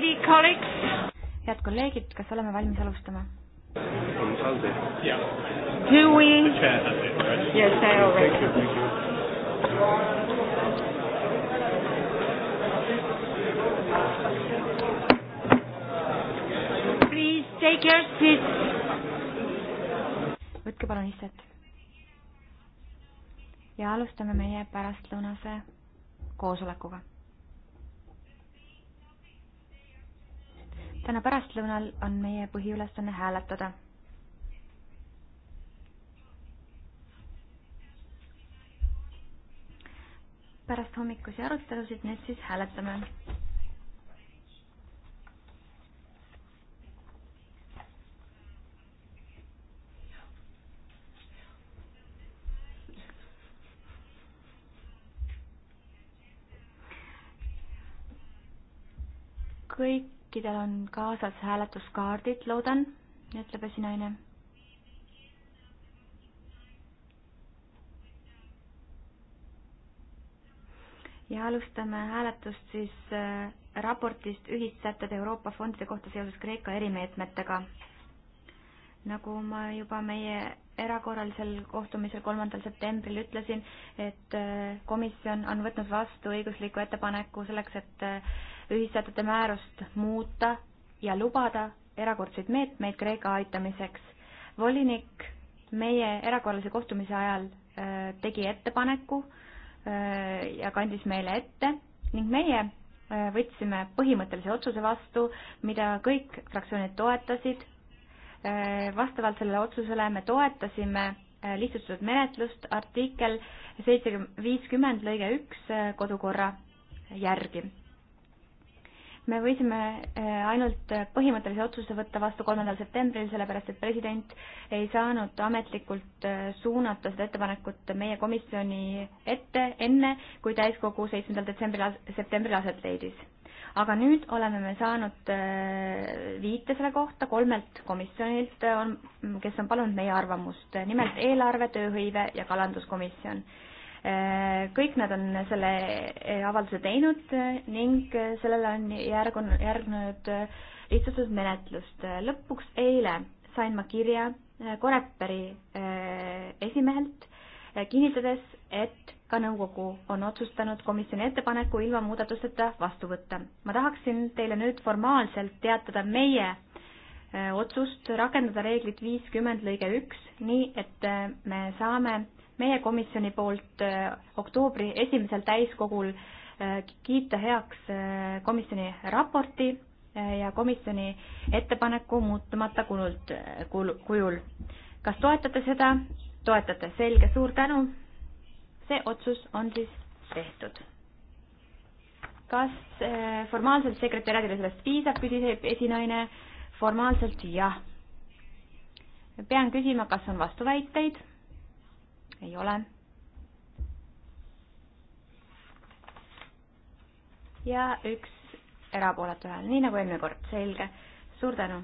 ready, colleagues? head kolleegid, kas oleme valmis alustama? Do we? Yes, I already. Please take your seats. võtke palun istet. ja alustame meie pärastlõunase koosolekuga täna pärastlõunal on meie põhiülesanne hääletada. pärast hommikusi arutelusid nüüd siis hääletame. kõik kõikidel on kaasas hääletuskaardid, loodan, ütleb esinaine. ja alustame hääletust siis äh, raportist Ühissätted Euroopa fondide kohta seoses Kreeka erimeetmetega. nagu ma juba meie erakorralisel kohtumisel kolmandal septembril ütlesin, et äh, komisjon on võtnud vastu õigusliku ettepaneku selleks, et äh, ühissätete määrust muuta ja lubada erakordseid meetmeid Kreeka aitamiseks. volinik meie erakorralise kohtumise ajal äh, tegi ettepaneku äh, ja kandis meile ette ning meie äh, võtsime põhimõttelise otsuse vastu, mida kõik fraktsioonid toetasid. vastavalt sellele otsusele me toetasime lihtsustatud menetlust artikkel seitsekümmend viiskümmend lõige üks kodukorra järgi me võisime äh, ainult äh, põhimõttelise otsuse võtta vastu kolmandal septembril, sellepärast et president ei saanud ametlikult äh, suunata seda ettepanekut meie komisjoni ette enne, kui täiskogu seitsmendal detsembril, septembril aset leidis. aga nüüd oleme me saanud viite selle kohta kolmelt komisjonilt, on, kes on palunud meie arvamust, nimelt eelarve, tööhõive ja kalanduskomisjon Äh, kõik nad on selle äh, avalduse teinud äh, ning sellele on järgunud, järgnenud lihtsustusmenetlust. lõpuks eile sain ma kirja Koreperi esimehelt kinnitades, et ka nõukogu on otsustanud komisjoni ettepaneku ilma muudatusteta vastu võtta. ma tahaksin teile nüüd formaalselt teatada meie otsust rakendada reeglit viiskümmend lõige üks, nii et me saame meie komisjoni poolt äh, oktoobri esimesel täiskogul äh, kiita heaks äh, komisjoni raporti ja komisjoni ettepaneku muutumata kulult, kujul. kas toetate seda? toetate, selge, suur tänu. see otsus on siis tehtud. kas formaalselt sekretäriadile sellest piisab, küsis esinaine. formaalselt jah. pean küsima, kas on vastuväiteid ei ole. ja üks erapooletu hääl, nii nagu eelmine kord, selge. suur tänu.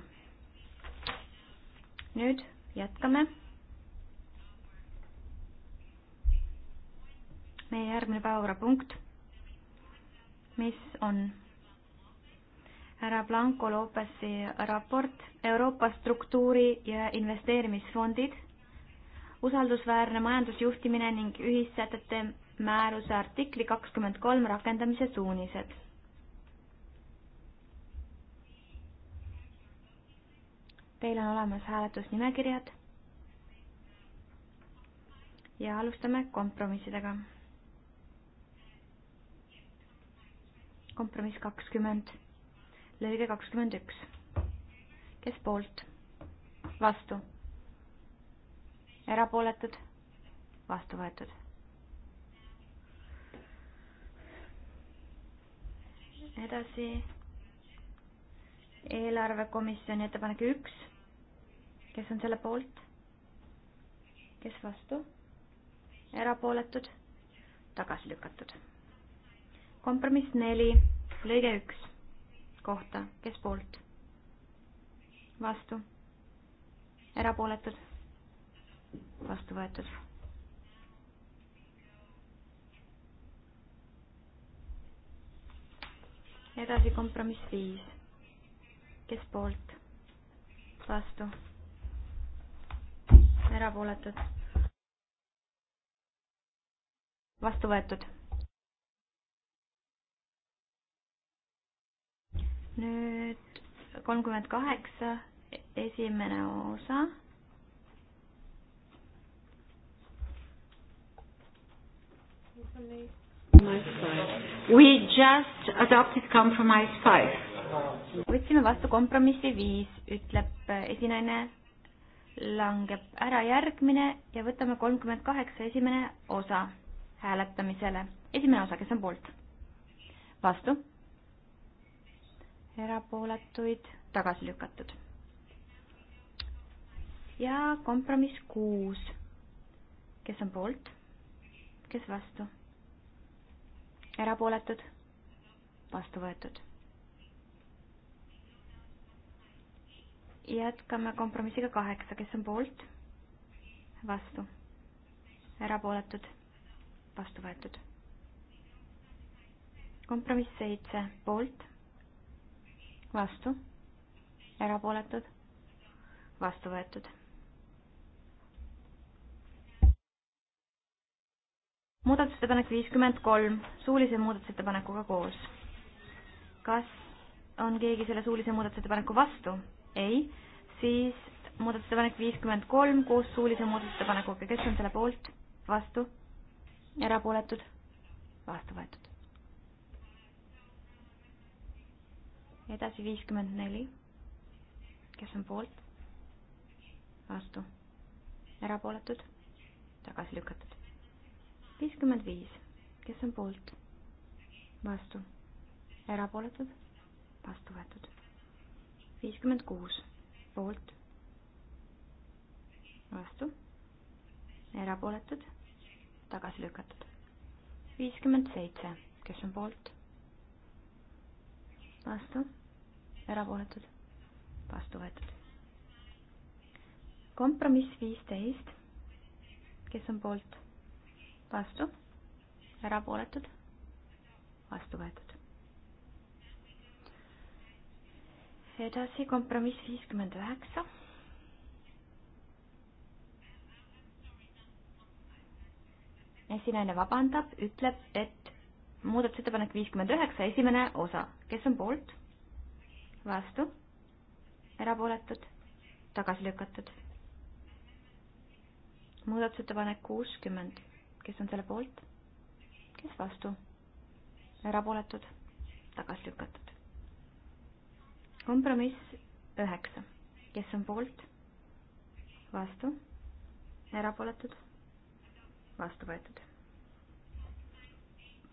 nüüd jätkame. meie järgmine päevakorrapunkt, mis on härra Blanco Lopesi raport Euroopa struktuuri- ja investeerimisfondid usaldusväärne majandusjuhtimine ning ühissätete määruse artikli kakskümmend kolm rakendamise suunised. Teil on olemas hääletusnimekirjad ja alustame kompromissidega. kompromiss kakskümmend, lõige kakskümmend üks. kes poolt? vastu erapooletud, vastu võetud. edasi eelarvekomisjoni ettepanek üks, kes on selle poolt, kes vastu, erapooletud, tagasi lükatud. kompromiss neli, lõige üks, kohta, kes poolt, vastu, erapooletud, vastu võetud. edasi kompromiss viis, kes poolt, vastu, erapooletud, vastu võetud. nüüd kolmkümmend kaheksa, esimene osa We just adopted compromise five. võtsime vastu kompromissi viis, ütleb äh, esinaine, langeb ära järgmine ja võtame kolmkümmend kaheksa esimene osa hääletamisele. esimene osa, kes on poolt? vastu? erapooletuid tagasi lükatud. ja kompromiss kuus. kes on poolt? kes vastu? erapooletud, vastu võetud. jätkame kompromissiga kaheksa, kes on poolt, vastu, erapooletud, vastu võetud. kompromiss seitse, poolt, vastu, erapooletud, vastu võetud muudatusettepanek viiskümmend kolm suulise muudatusettepanekuga koos. kas on keegi selle suulise muudatusettepaneku vastu? ei, siis muudatusettepanek viiskümmend kolm koos suulise muudatusettepanekuga, kes on selle poolt, vastu, erapooletud, vastu võetud. edasi viiskümmend neli, kes on poolt, vastu, erapooletud, tagasi lükatud viiskümmend viis, kes on poolt? vastu. erapooletud? vastu võetud. viiskümmend kuus, poolt? vastu. erapooletud? tagasi lükatud. viiskümmend seitse, kes on poolt? vastu. erapooletud? vastu võetud. kompromiss viisteist, kes on poolt? vastu, erapooletud, vastu võetud. edasi kompromiss viiskümmend üheksa. esinaine vabandab, ütleb, et muudatusettepanek viiskümmend üheksa, esimene osa, kes on poolt, vastu, erapooletud, tagasi lükatud. muudatusettepanek kuuskümmend kes on selle poolt, kes vastu, erapooletud, tagasi lükatud. kompromiss üheksa, kes on poolt, vastu, erapooletud, vastu võetud.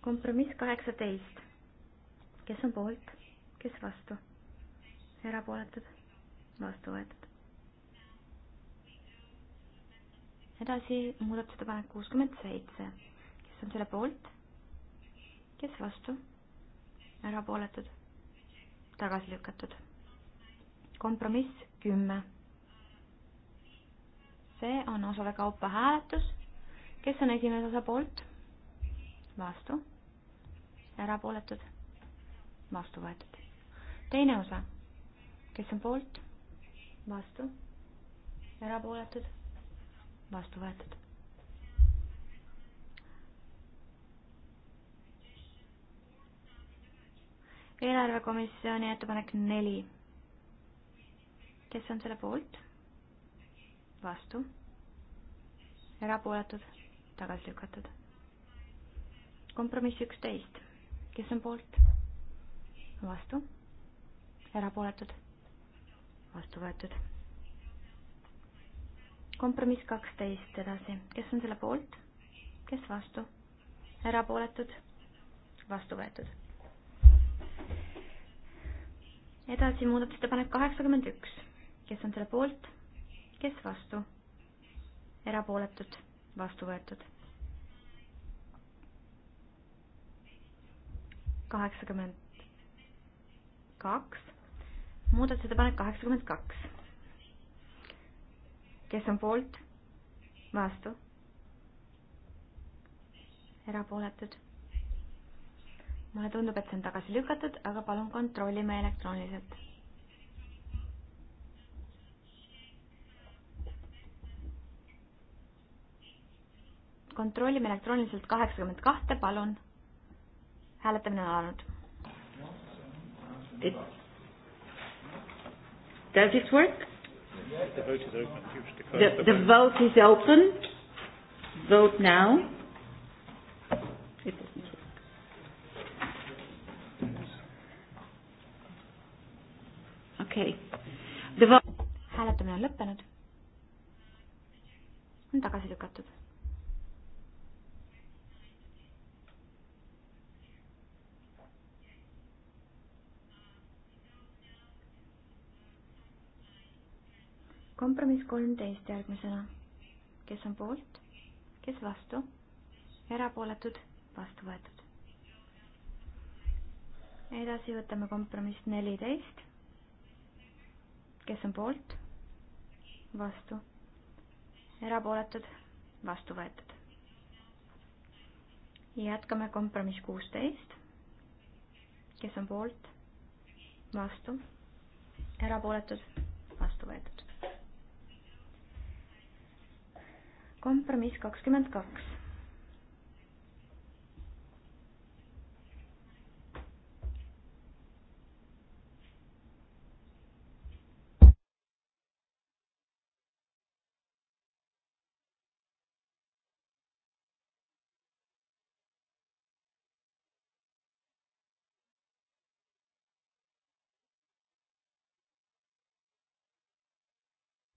kompromiss kaheksateist, kes on poolt, kes vastu, erapooletud, vastu võetud edasi muudatusettepanek kuuskümmend seitse, kes on selle poolt, kes vastu, erapooletud, tagasi lükatud. kompromiss kümme. see on osade kaupa hääletus, kes on esimese osa poolt, vastu, erapooletud, vastu võetud. teine osa, kes on poolt, vastu, erapooletud vastu võetud. eelarvekomisjoni ettepanek neli. kes on selle poolt? vastu? erapooletud? tagasi lükatud? kompromiss üksteist, kes on poolt? vastu? erapooletud? vastu võetud kompromiss kaksteist edasi, kes on selle poolt, kes vastu, erapooletud, vastu võetud. edasi muudatusettepanek kaheksakümmend üks, kes on selle poolt, kes vastu, erapooletud, vastu võetud. kaheksakümmend kaks, muudatusettepanek kaheksakümmend kaks kes on poolt, vastu, erapooletud. mulle tundub, et see on tagasi lükatud, aga palun kontrollime elektrooniliselt. kontrollime elektrooniliselt kaheksakümmend kahte, palun. hääletamine on alanud. Does it work? The vote is open. The, the vote is open. Vote now. okei okay.. hääletamine on lõppenud. on tagasi lükatud kompromiss kolmteist järgmisena. kes on poolt, kes vastu, erapooletud, vastu võetud. edasi võtame kompromiss neliteist. kes on poolt, vastu, erapooletud, vastu võetud. jätkame kompromiss kuusteist. kes on poolt, vastu, erapooletud kompromiss kakskümmend kaks.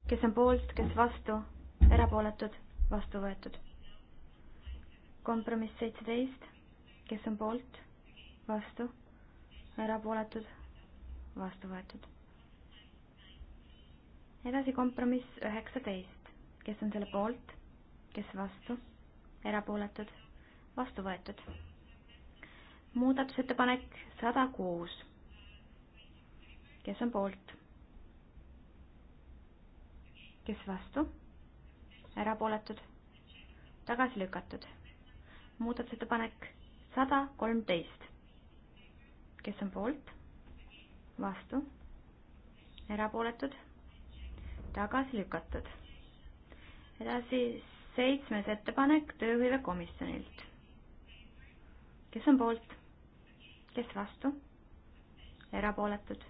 kes on poolt, kes vastu, erapooletud vastu võetud. kompromiss seitseteist, kes on poolt, vastu, erapooletud, vastu võetud. edasi kompromiss üheksateist, kes on selle poolt, kes vastu, erapooletud, vastu võetud. muudatusettepanek sada kuus, kes on poolt, kes vastu erapooletud, tagasi lükatud. muudatusettepanek sada kolmteist. kes on poolt? vastu? erapooletud? tagasi lükatud. edasi seitsmes ettepanek tööhõivekomisjonilt. kes on poolt? kes vastu? erapooletud?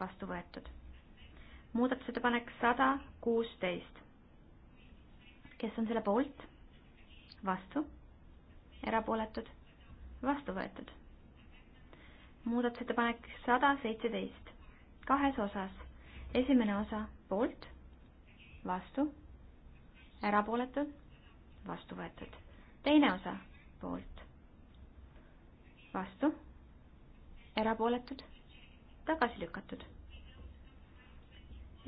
vastu võetud. muudatusettepanek sada kuusteist kes on selle poolt? vastu? erapooletud? vastu võetud. muudatusettepanek sada seitseteist, kahes osas. esimene osa poolt, vastu, erapooletud, vastu võetud. teine osa poolt, vastu, erapooletud, tagasi lükatud.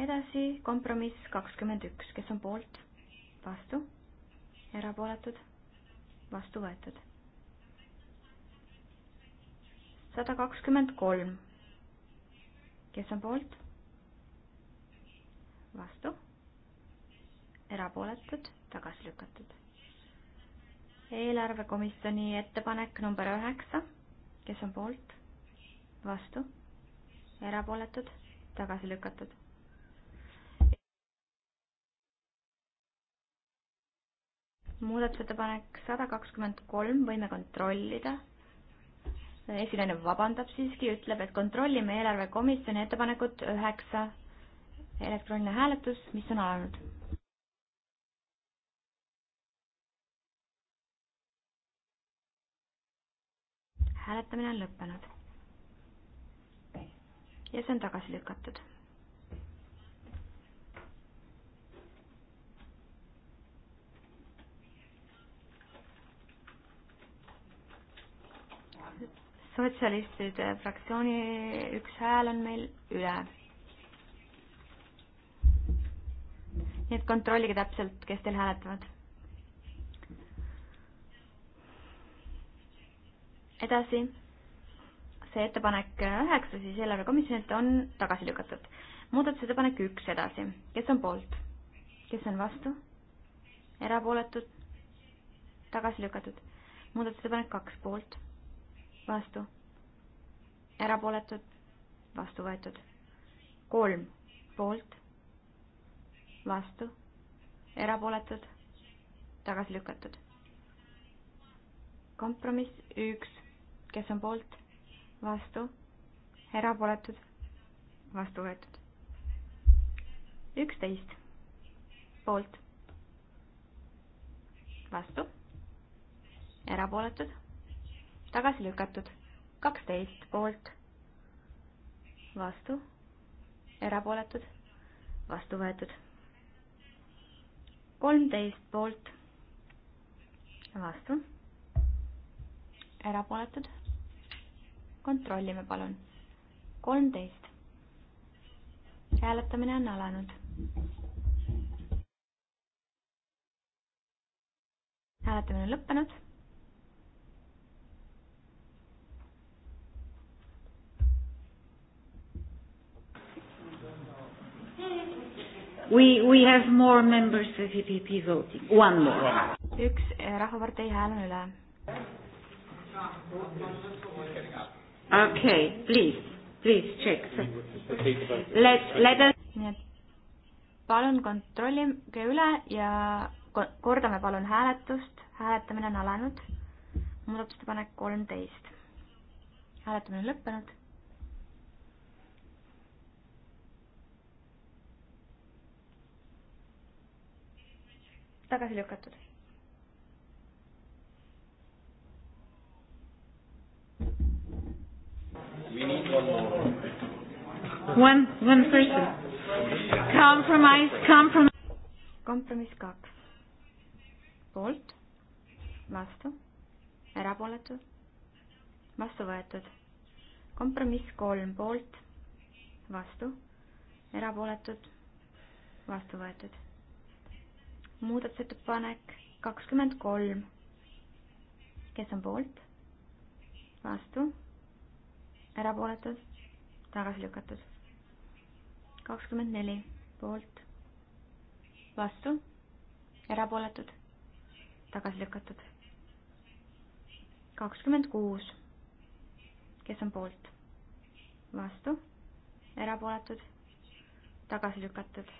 edasi kompromiss kakskümmend üks, kes on poolt vastu, erapooletud, vastu võetud. sada kakskümmend kolm, kes on poolt, vastu, erapooletud, tagasi lükatud. eelarvekomisjoni ettepanek number üheksa, kes on poolt, vastu, erapooletud, tagasi lükatud muudatusettepanek sada kakskümmend kolm, võime kontrollida. esinaine vabandab siiski, ütleb, et kontrollime eelarvekomisjoni ettepanekut üheksa. elektrooniline hääletus, mis on alanud? hääletamine on lõppenud. ja see on tagasi lükatud sotsialistide fraktsiooni üks hääl on meil üle. nii et kontrollige täpselt, kes teil hääletavad. edasi, see ettepanek üheksa siis eelarvekomisjonilt on tagasi lükatud. muudatusettepanek üks edasi, kes on poolt, kes on vastu, erapooletud, tagasi lükatud. muudatusettepanek kaks poolt vastu, erapooletud, vastu võetud. kolm poolt, vastu, erapooletud, tagasi lükatud. kompromiss üks, kes on poolt, vastu, erapooletud, vastu võetud. üksteist poolt, vastu, erapooletud tagasi lükatud. kaksteist poolt, vastu, erapooletud, vastu võetud. kolmteist poolt, vastu, erapooletud. kontrollime, palun. kolmteist. hääletamine on alanud. hääletamine on lõppenud We, we have more members of EPP voting. One more. üks eh, Rahvapartei hääl on üle. Okay, please, please check. Let, let us. nii et palun kontrollige üle ja kordame palun hääletust. hääletamine on alanud. muudatusettepanek kolmteist. hääletamine on lõppenud tagasi lükatud. One, one person. Compromise, compromise. kompromiss kaks. poolt, vastu, erapooletu, vastu võetud. kompromiss kolm poolt, vastu, erapooletud, vastu võetud muudatusettepanek kakskümmend kolm. kes on poolt? vastu? erapooletud? tagasi lükatud? kakskümmend neli poolt? vastu? erapooletud? tagasi lükatud? kakskümmend kuus. kes on poolt? vastu? erapooletud? tagasi lükatud?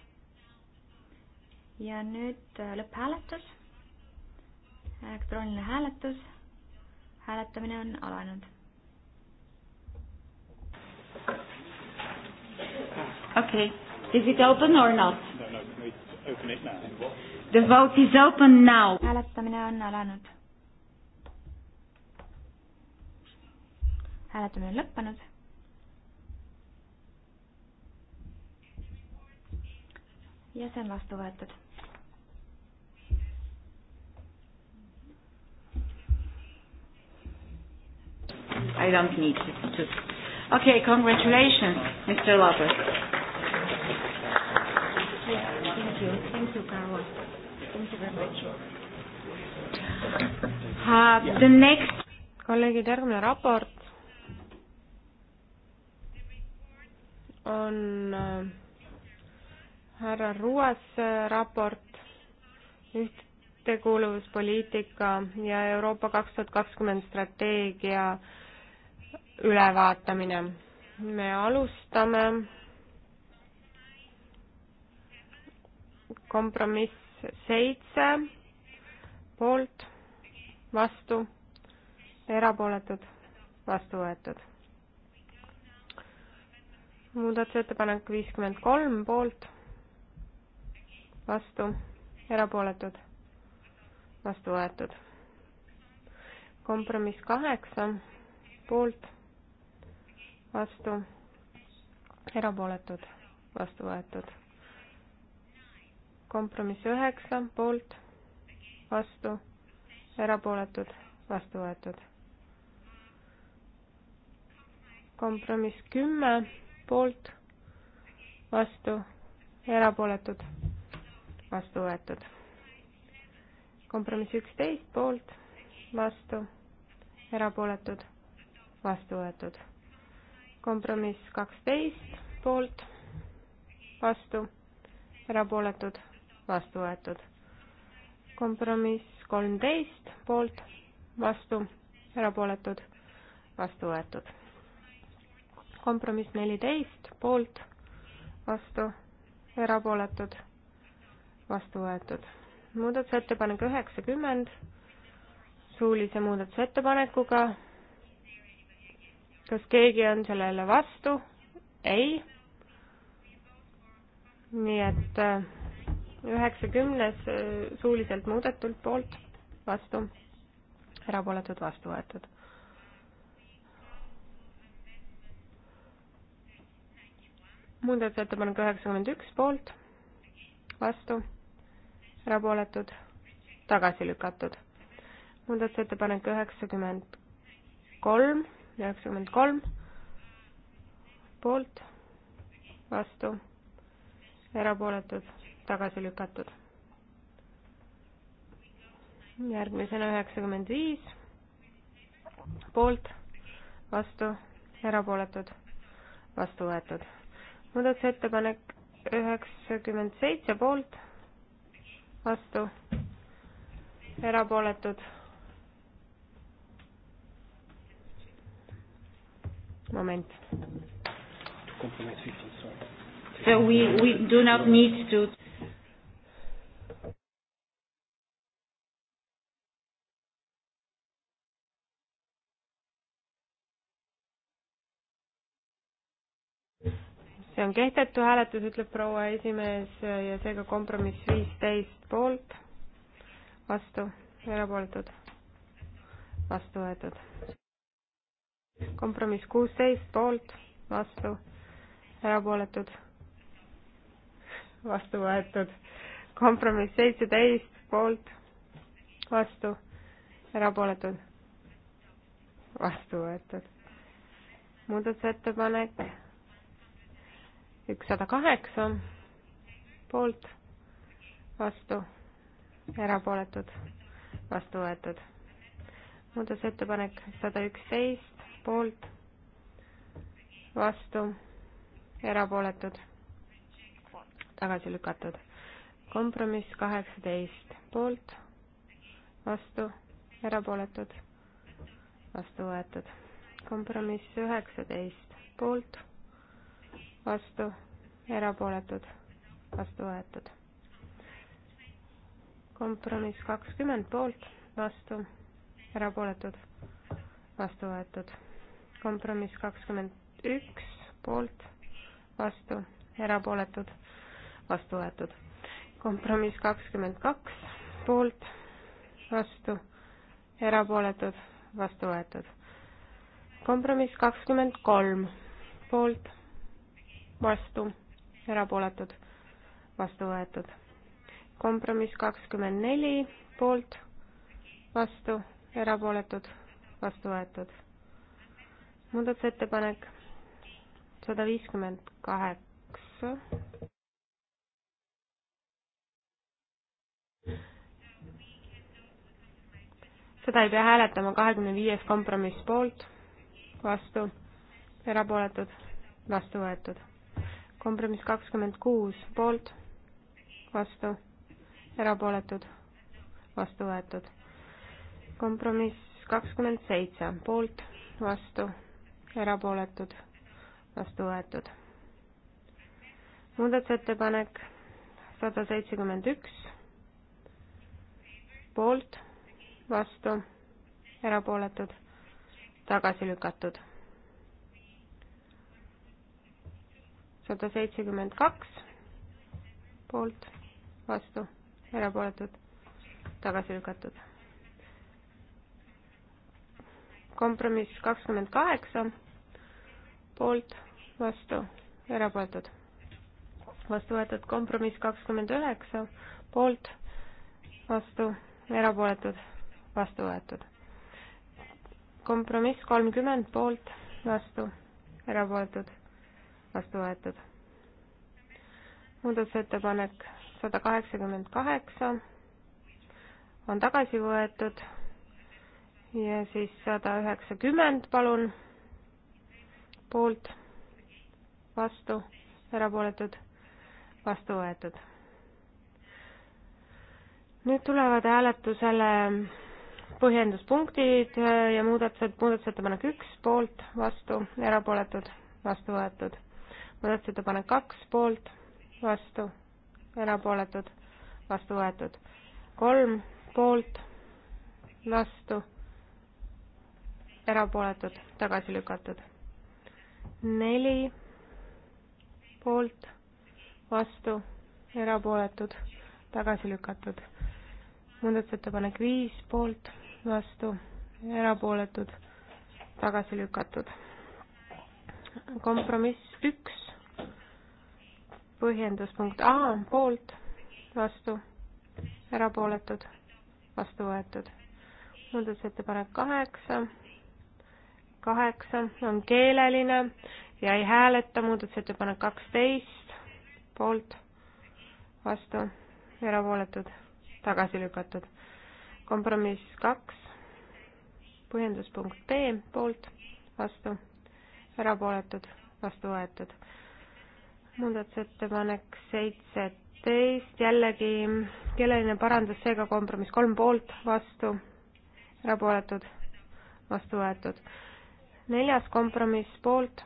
ja nüüd äh, lõpphääletus, elektrooniline hääletus, hääletamine on alanud. okei okay., is it open or not? The vote is open now. hääletamine on alanud. hääletamine on lõppenud. ja see on vastu võetud I don't need to. Okay, congratulations, Mr. Lopez. Yeah, thank you. Thank you, Carla. Thank you very much. Uh, the next kolleegid, järgmine raport on äh, härra Ruas uh, raport ühtekuuluvuspoliitika ja Euroopa kaks tuhat kakskümmend strateegia äh, ülevaatamine. me alustame kompromiss seitse poolt, vastu, erapooletud, vastu võetud. muudatusettepanek viiskümmend kolm poolt, vastu, erapooletud, vastu võetud. kompromiss kaheksa poolt vastu, erapooletud, vastu võetud. kompromiss üheksa, poolt, vastu, erapooletud, vastu võetud. kompromiss kümme, poolt, vastu, erapooletud, vastu võetud. kompromiss üksteist, poolt, vastu, erapooletud, vastu võetud kompromiss kaksteist poolt, vastu, erapooletud, vastu võetud. kompromiss kolmteist poolt, vastu, erapooletud, vastu võetud. kompromiss neliteist poolt, vastu, erapooletud, vastu võetud. muudatusettepanek üheksakümmend suulise muudatusettepanekuga kas keegi on sellele vastu? ei. nii et äh, üheksakümnes äh, suuliselt muudetult poolt, vastu, erapooletud, vastu võetud. muudatusettepanek üheksakümmend üks poolt, vastu, erapooletud, tagasi lükatud. muudatusettepanek üheksakümmend kolm üheksakümmend kolm poolt, vastu, erapooletud, tagasi lükatud. järgmisena üheksakümmend viis poolt, vastu, erapooletud, vastu võetud. muudatusettepanek üheksakümmend seitse poolt, vastu, erapooletud moment. So we, we do not need to see on kehtetu hääletus, ütleb proua esimees ja seega kompromiss viisteist poolt, vastu, erapooletud, vastu võetud kompromiss kuusteist poolt, vastu, erapooletud, vastu võetud. kompromiss seitseteist poolt, vastu, erapooletud, vastu võetud. muudatusettepanek ükssada kaheksa poolt, vastu, erapooletud, vastu võetud. muudatusettepanek sada üksteist poolt, vastu, erapooletud, tagasi lükatud. kompromiss kaheksateist poolt, vastu, erapooletud, vastu võetud. kompromiss üheksateist poolt, vastu, erapooletud, vastu võetud. kompromiss kakskümmend poolt, vastu, erapooletud, vastu võetud kompromiss kakskümmend üks poolt, vastu, erapooletud, vastu võetud. kompromiss kakskümmend kaks poolt, vastu, erapooletud, vastu võetud. kompromiss kakskümmend kolm poolt, vastu, erapooletud, vastu võetud. kompromiss kakskümmend neli poolt, vastu, erapooletud, vastu võetud muudatusettepanek sada viiskümmend kaheksa. seda ei pea hääletama, kahekümne viies kompromiss poolt, vastu, erapooletud, vastu võetud. kompromiss kakskümmend kuus poolt, vastu, erapooletud, vastu võetud. kompromiss kakskümmend seitse poolt, vastu erapooletud, vastu võetud. muudatusettepanek sada seitsekümmend üks, poolt, vastu, erapooletud, tagasi lükatud. sada seitsekümmend kaks, poolt, vastu, erapooletud, tagasi lükatud kompromiss kakskümmend kaheksa, poolt, vastu, erapooletud. vastu võetud kompromiss kakskümmend üheksa, poolt, vastu, erapooletud, vastu võetud. kompromiss kolmkümmend, poolt, vastu, erapooletud, vastu võetud. muudatusettepanek sada kaheksakümmend kaheksa on tagasi võetud ja siis sada üheksakümmend, palun, poolt, vastu, erapooletud, vastu võetud. nüüd tulevad hääletusele põhjenduspunktid ja muudatused, muudatusettepanek üks, poolt, vastu, erapooletud, vastu võetud. muudatusettepanek kaks, poolt, vastu, erapooletud, vastu võetud. kolm, poolt, vastu erapooletud, tagasi lükatud. neli poolt, vastu, erapooletud, tagasi lükatud. muudatusettepanek viis poolt, vastu, erapooletud, tagasi lükatud. kompromiss üks, põhjenduspunkt A poolt, vastu, erapooletud, vastu võetud. muudatusettepanek kaheksa kaheksa on keeleline, jäi hääleta, muudatusettepanek kaksteist, poolt, vastu, erapooletud, tagasi lükatud. kompromiss kaks, põhjenduspunkt B, poolt, vastu, erapooletud, vastu võetud. muudatusettepanek seitseteist, jällegi keeleline parandus, seega kompromiss kolm poolt, vastu, erapooletud, vastu võetud neljas kompromiss poolt,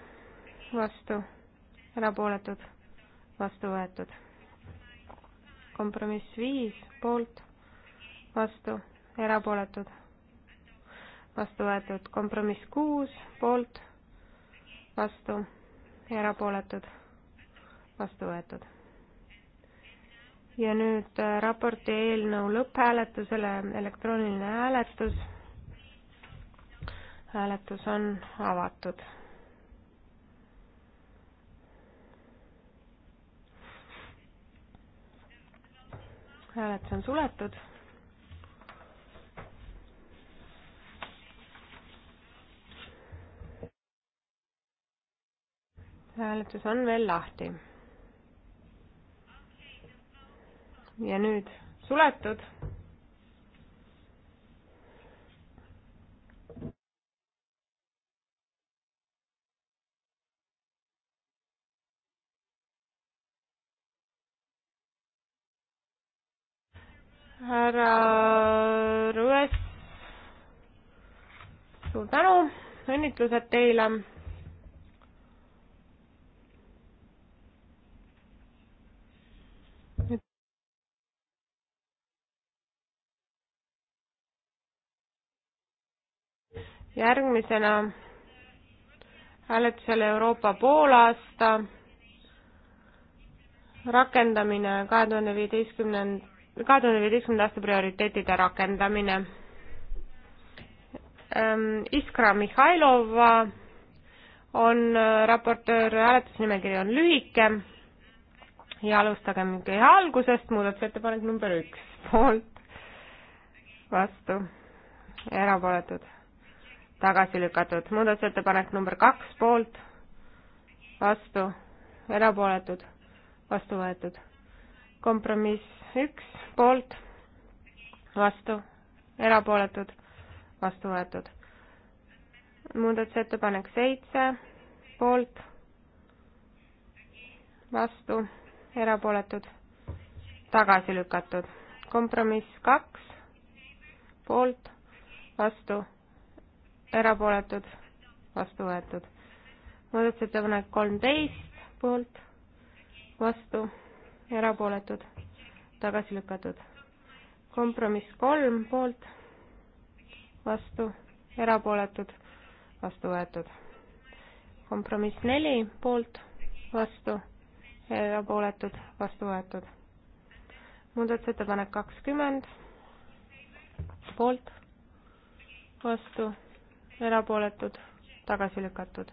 vastu, erapooletud, vastu võetud. kompromiss viis poolt, vastu, erapooletud, vastu võetud. kompromiss kuus poolt, vastu, erapooletud, vastu võetud. ja nüüd äh, raporti eelnõu lõpphääletusele elektrooniline hääletus hääletus on avatud. hääletus on suletud. hääletus on veel lahti. ja nüüd suletud härra Rões, suur tänu, õnnitlused teile. järgmisena hääletusele Euroopa poolaasta rakendamine kahe tuhande viieteistkümnenda kahe tuhande viieteistkümnenda aasta prioriteetide rakendamine. Ähm, Iskra Mihhailova on äh, raportöör, hääletusnimekiri on lühike ja alustagem kõige algusest, muudatusettepanek number üks, poolt, vastu, erapooletud, tagasi lükatud, muudatusettepanek number kaks, poolt, vastu, erapooletud, vastu võetud kompromiss üks, poolt, vastu, erapooletud, vastu võetud. muudatusettepanek seitse, poolt, vastu, erapooletud, tagasi lükatud. kompromiss kaks, poolt, vastu, erapooletud, vastu võetud. muudatusettepanek kolmteist, poolt, vastu erapooletud, tagasi lükatud. kompromiss kolm poolt, vastu, erapooletud, vastu võetud. kompromiss neli poolt, vastu, erapooletud, vastu võetud. muudatusettepanek kakskümmend, poolt, vastu, erapooletud, tagasi lükatud.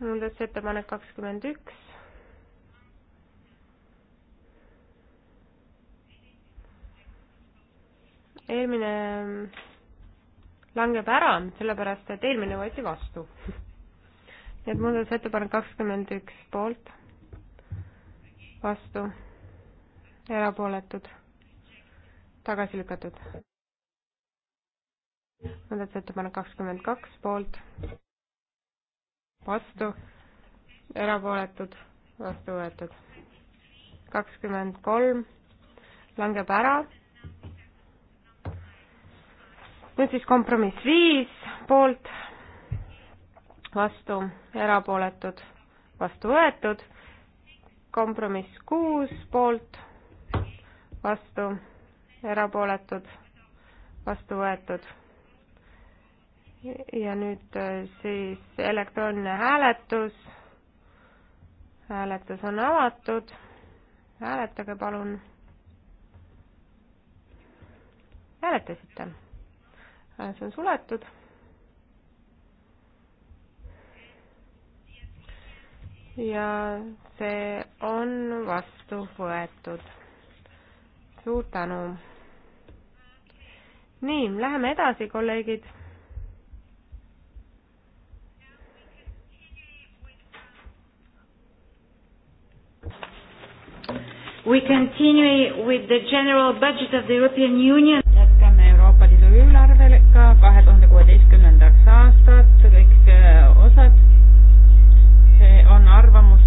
muudatusettepanek kakskümmend üks, eelmine mm, langeb ära, sellepärast et eelmine võeti vastu. nii et muudatusettepanek kakskümmend üks poolt, vastu, erapooletud, tagasi lükatud. muudatusettepanek kakskümmend kaks poolt, vastu, erapooletud, vastu võetud. kakskümmend kolm langeb ära nüüd siis kompromiss viis poolt, vastu, erapooletud, vastu võetud. kompromiss kuus poolt, vastu, erapooletud, vastu võetud. ja nüüd äh, siis elektrooniline hääletus. hääletus on avatud. hääletage palun. hääletasite? Äh, see on suletud. ja see on vastu võetud. suur tänu. nii, läheme edasi, kolleegid. We continue with the general budget of the European Union kahe tuhande kuueteistkümnendaks aastat, kõik äh, osad. see äh, on arvamus,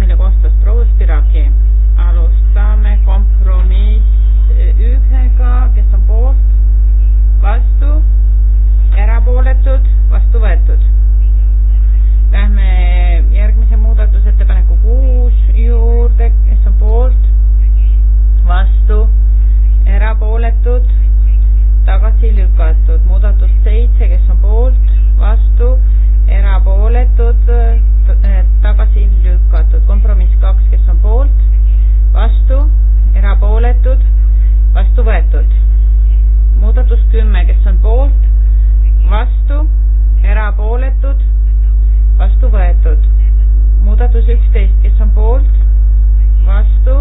mille koostas proua Spiraki. alustame kompromiss äh, ühega, kes on poolt, vastu, erapooletud, vastu võetud. Lähme järgmise muudatusettepaneku kuus juurde, kes on poolt, vastu, erapooletud tagasi lükatud. muudatus seitse, kes on poolt, vastu, erapooletud, eh, tagasi lükatud. kompromiss kaks, kes on poolt, vastu, erapooletud, vastu võetud. muudatus kümme, kes on poolt, vastu, erapooletud, vastu võetud. muudatus üksteist, kes on poolt, vastu,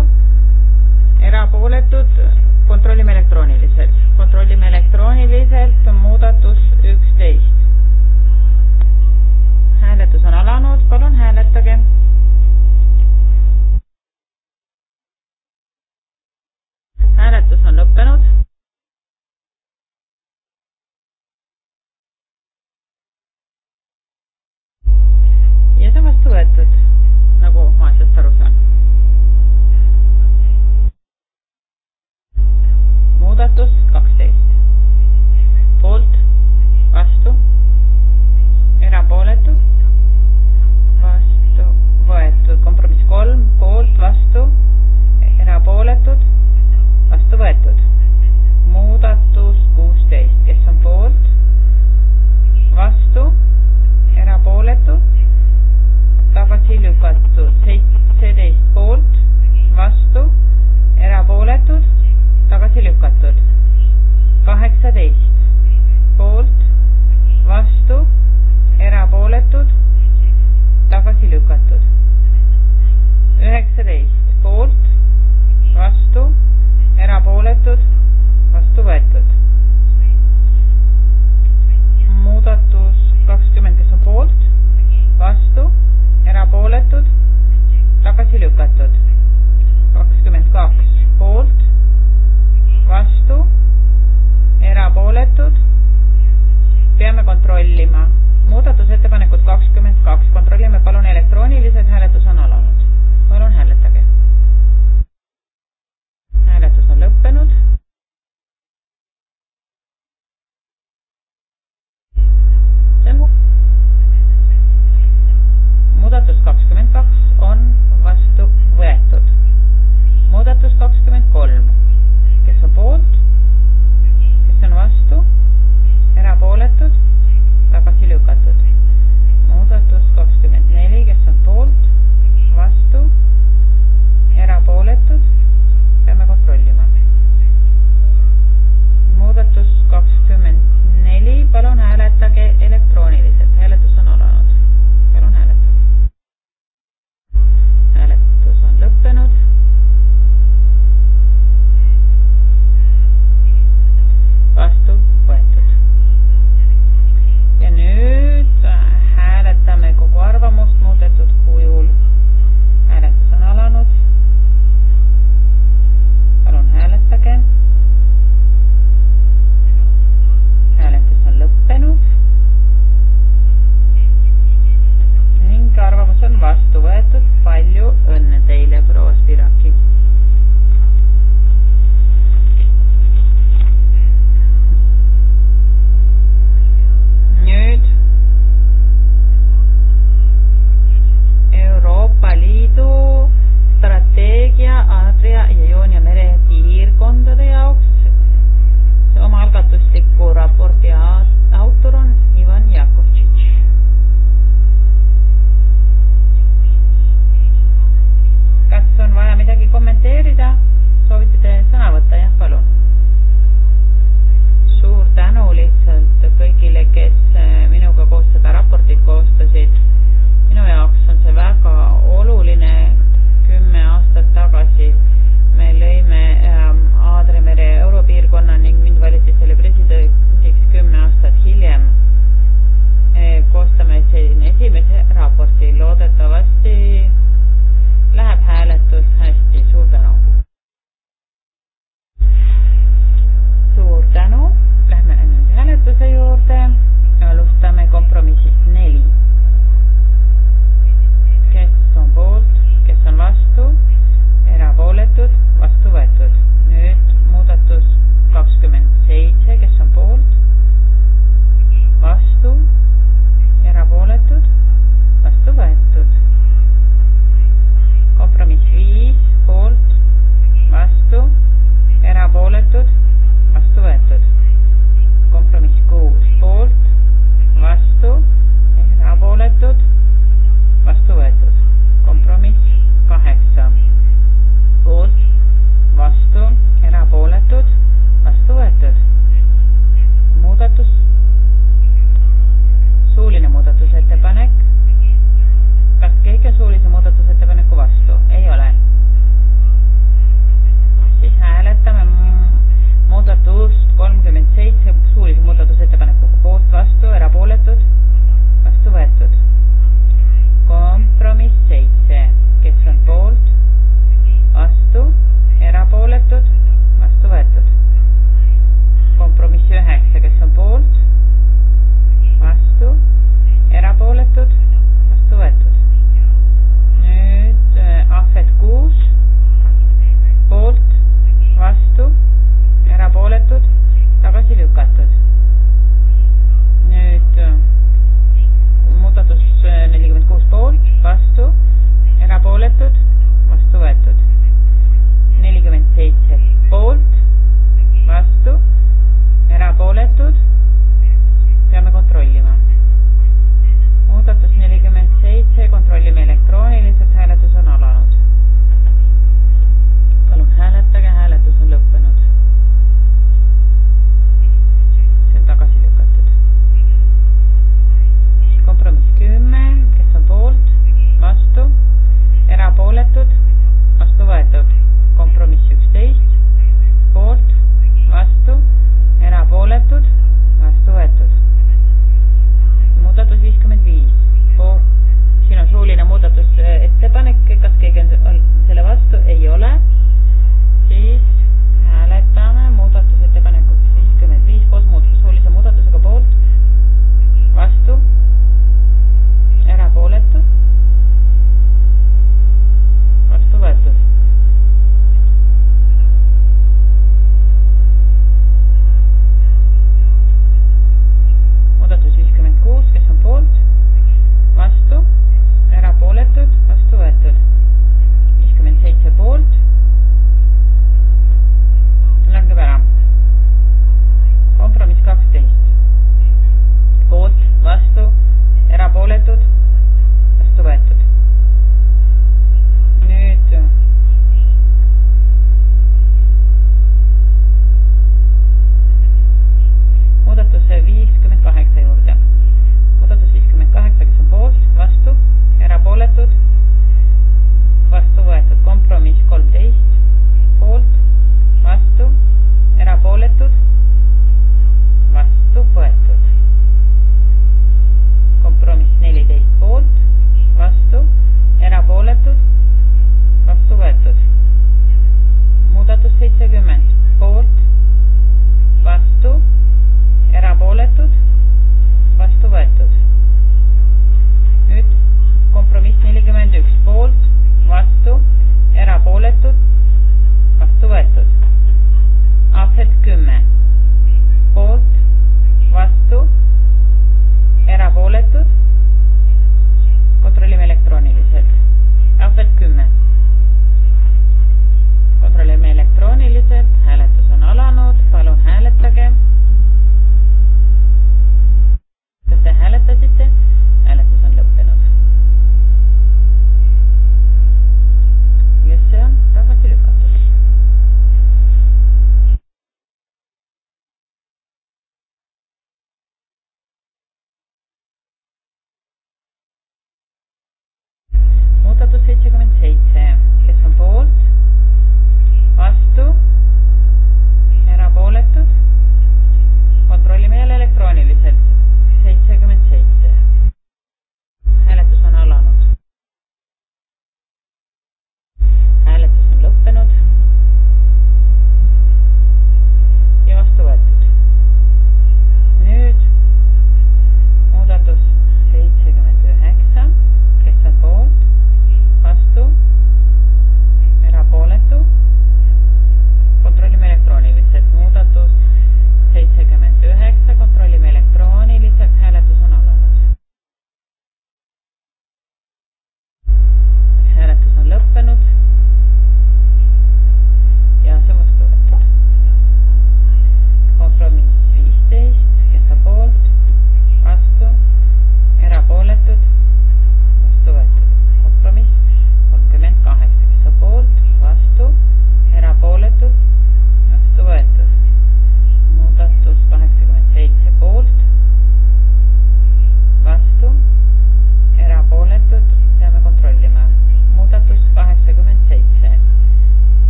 erapooletud, kontrollime elektrooniliselt. kontrollime elektrooniliselt muudatus üksteist. hääletus on alanud, palun hääletage. hääletus on lõppenud. ja see on vastu võetud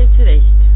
seitseteist.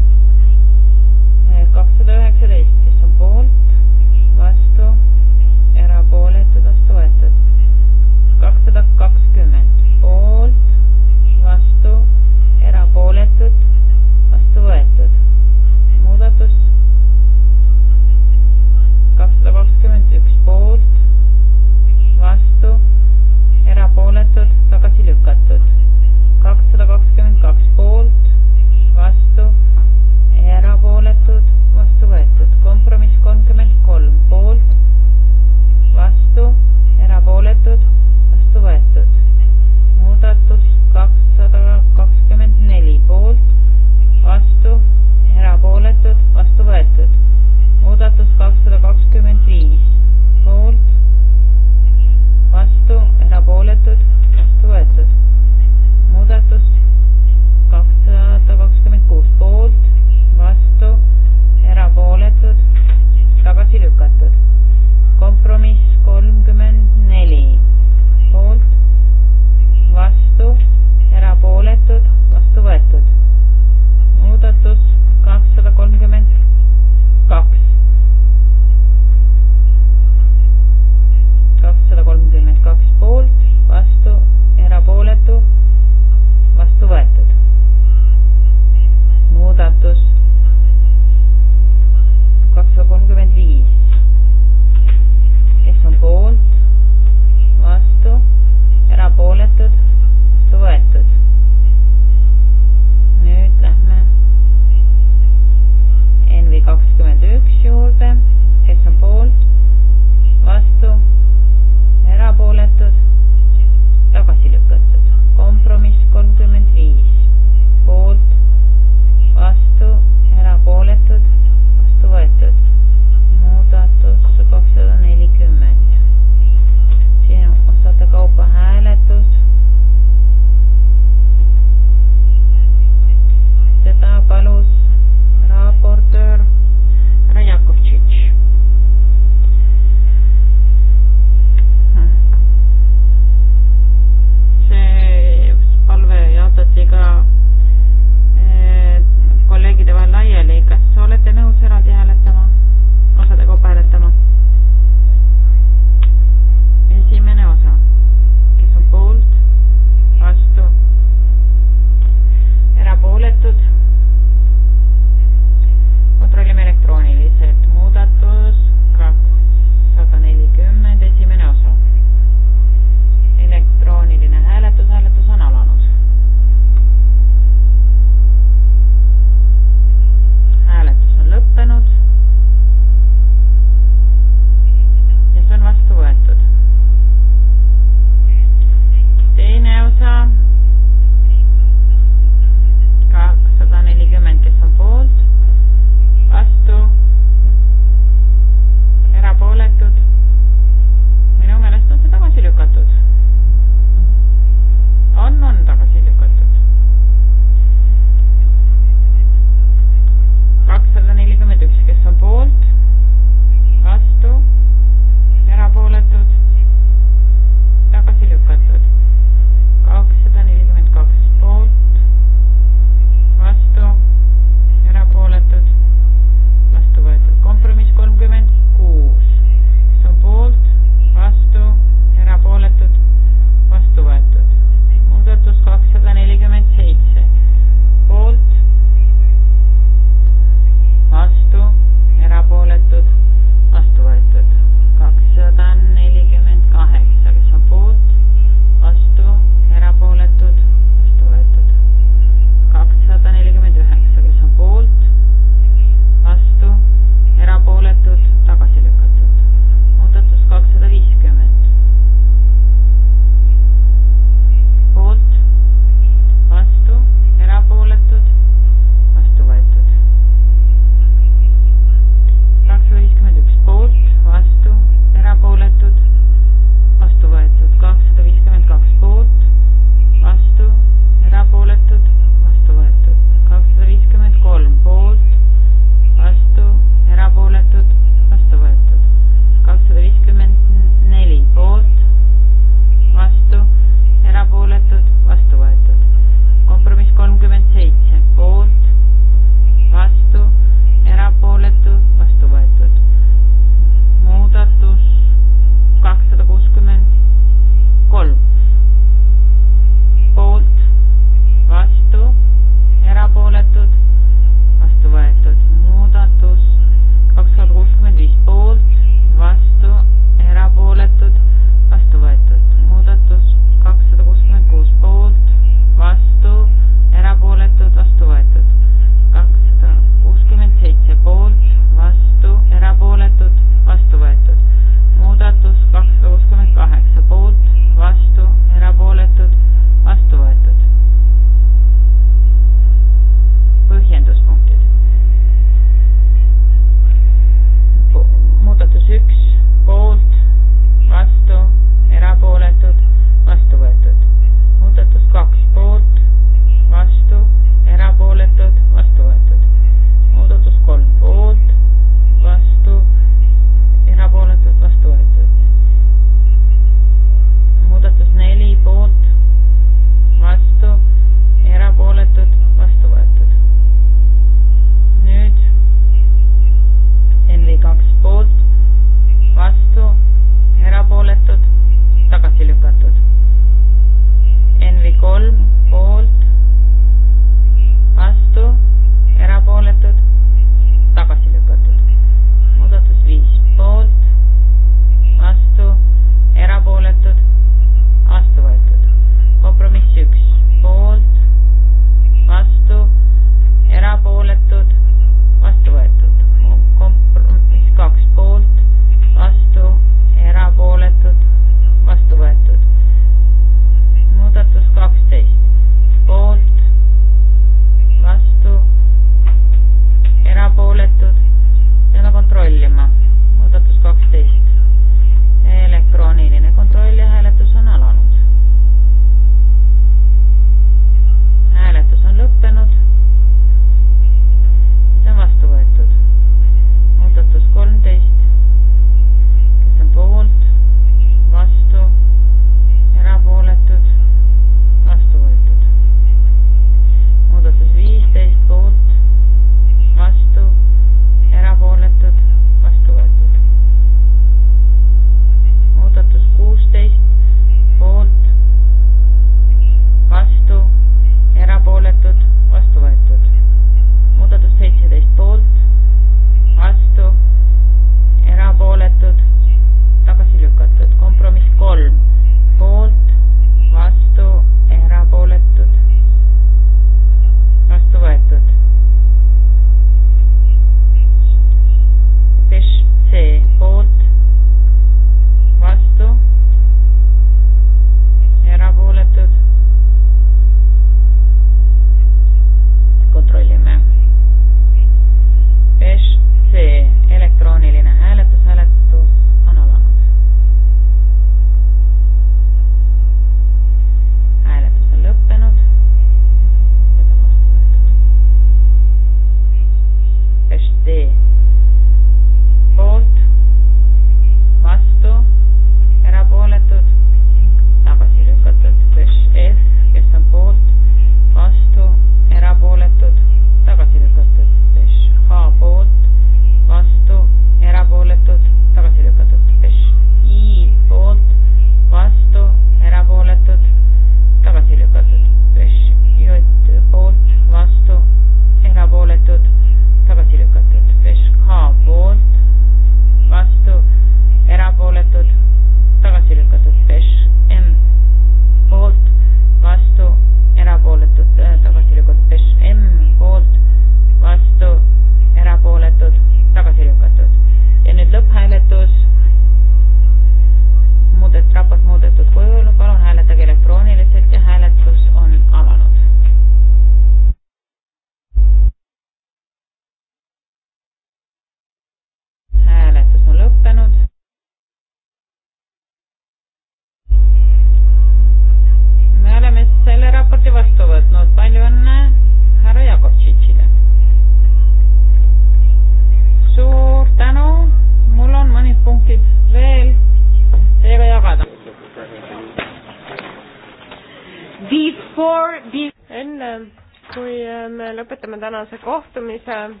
lõpetame tänase kohtumise.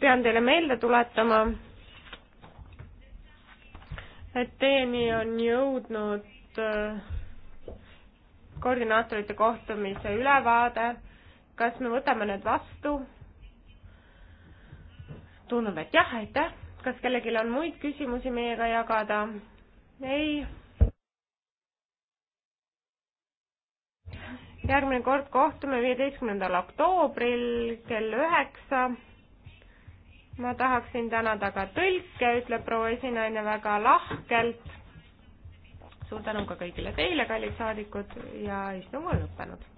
pean teile meelde tuletama, et teieni on jõudnud äh, koordinaatorite kohtumise ülevaade. kas me võtame need vastu? tundub, et jah, aitäh. kas kellelgi on muid küsimusi meiega jagada? ei järgmine kord kohtume viieteistkümnendal oktoobril kell üheksa. ma tahaksin tänada ka tõlke, ütleb proua esinaine väga lahkelt. suur tänu ka kõigile teile, kallid saadikud ja istung on lõppenud.